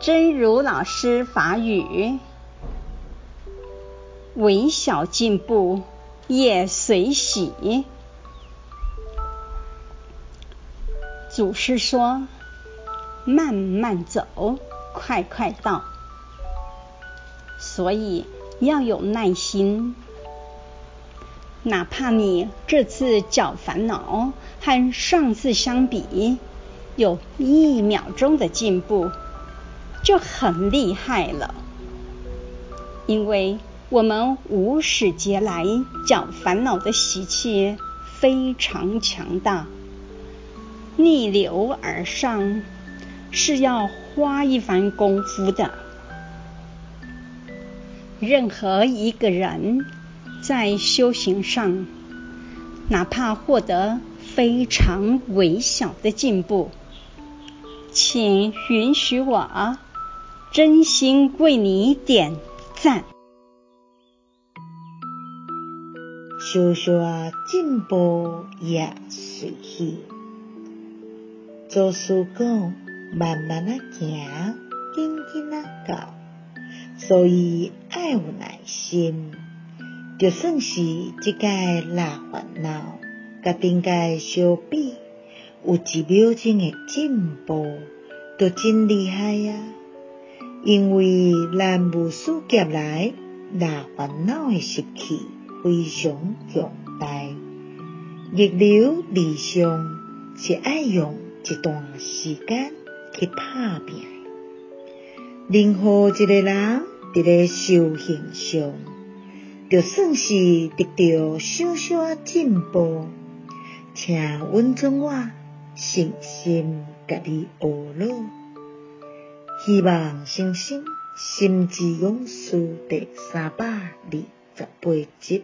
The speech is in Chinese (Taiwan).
真如老師法語微小進步也隨喜。祖師說：“慢慢走，快快到。”所以要有耐心，哪怕你這次攪煩惱和上次相比有一秒鐘的進步，就很厲害了，因為我們無始劫來攪煩惱的習氣非常強大，逆流而上是要花一番功夫的。任何一個人在修行上，哪怕獲得非常微小的進步，請允許我。真心為你點讚。小小進步也隨喜，做事講慢慢的行，緊緊的搞，所以要有耐心，就算是這個老煩惱，甲頂改相比，有一秒鐘的進步，都真厲害呀、啊。因為咱無始劫來，那煩惱誒習氣非常強大。逆流而上是愛用一段時間去打拼。任何一個人佇咧修行上，著算是得到小小的進步，請允許我真心，心咕咕咕咕，甲你學了。希望新生心之勇士，第三百二十八集。